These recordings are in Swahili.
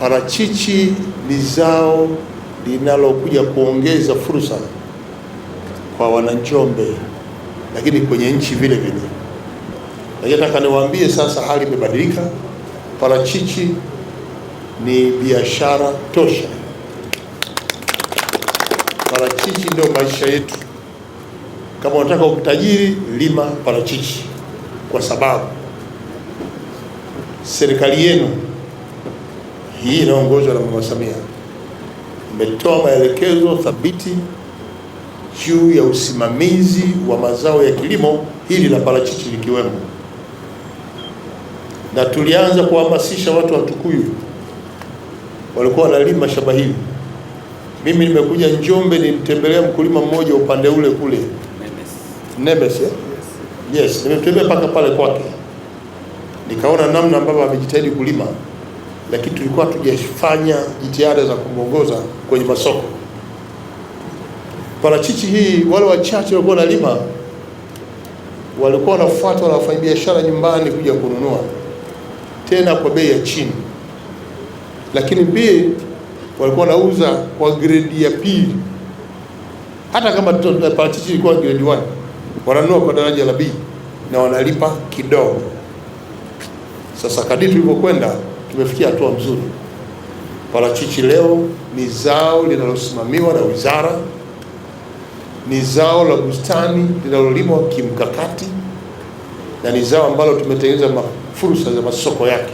Parachichi ni zao linalokuja kuongeza fursa kwa Wananjombe, lakini kwenye nchi vile vile. Lakini nataka niwaambie sasa, hali imebadilika. Parachichi ni biashara tosha. Parachichi ndio maisha yetu. Kama unataka utajiri, lima parachichi, kwa sababu serikali yenu hii inaongozwa na Mama Samia imetoa maelekezo thabiti juu ya usimamizi wa mazao ya kilimo, hili la parachichi likiwemo, na tulianza kuhamasisha watu wa Tukuyu walikuwa wanalima shamba hili. Mimi nimekuja Njombe, nimtembelea mkulima mmoja upande ule kule Nemes, eh? yes, nimetembea mpaka pale kwake nikaona namna ambavyo amejitahidi kulima lakini tulikuwa tujafanya jitihada za kumwongoza kwenye masoko. Parachichi hii wale wachache walikuwa wanalima walikuwa wanafuatwa na wafanyabiashara nyumbani kuja kununua tena kwa bei ya chini, lakini pia walikuwa wanauza kwa gredi ya pili. Hata kama parachichi ilikuwa gredi 1 wananunua kwa daraja la B na wanalipa kidogo. Sasa kadiri tulivyokwenda tumefikia hatua mzuri. Parachichi leo ni zao linalosimamiwa na wizara, ni zao la bustani linalolimwa kimkakati, na ni zao ambalo tumetengeneza fursa za masoko yake.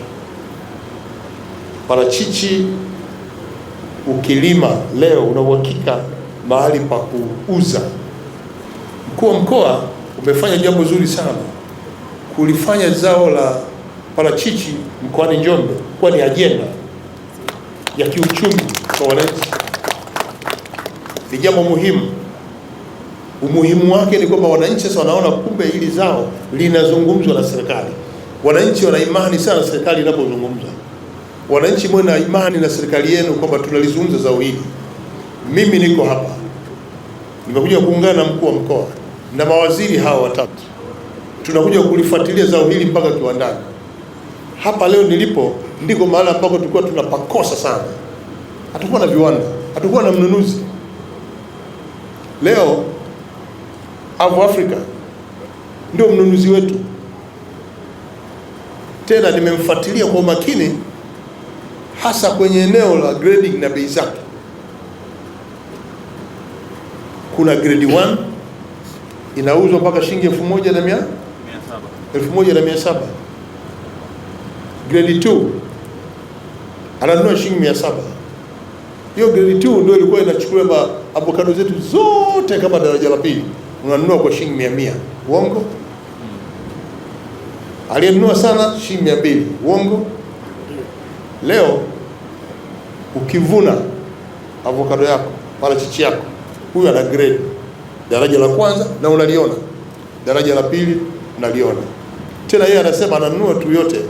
Parachichi ukilima leo una uhakika mahali pa kuuza. Mkuu wa mkoa umefanya jambo zuri sana kulifanya zao la parachichi mkoani Njombe kuwa ni ajenda ya kiuchumi kwa wananchi ni jambo muhimu. Umuhimu wake ni kwamba wananchi sasa wanaona kumbe hili zao linazungumzwa na serikali. Wananchi wana imani sana serikali inapozungumza. Wananchi mwe na imani na serikali yenu kwamba tunalizungumza zao hili. Mimi niko hapa, nimekuja kuungana na mkuu wa mkoa na mawaziri hawa watatu, tunakuja kulifuatilia zao hili mpaka kiwandani hapa leo nilipo ndiko mahala ambako tulikuwa tunapakosa sana. Hatukuwa na viwanda, hatukuwa na mnunuzi. Leo Avu Africa ndio mnunuzi wetu. Tena nimemfuatilia kwa umakini, hasa kwenye eneo la grading na bei zake. Kuna grade 1 inauzwa mpaka shilingi elfu moja na mia saba grade 2 ananunua shilingi mia saba. Hiyo grade 2 ndio ilikuwa inachukua avocado zetu zote kama daraja la pili, unanunua kwa shilingi mia mia. Uongo? Aliyenunua sana shilingi mia mbili. Uongo? Leo ukivuna avocado yako parachichi yako, huyu ana grade daraja la kwanza na unaliona, daraja la pili unaliona tena. Yeye anasema ananunua tu yote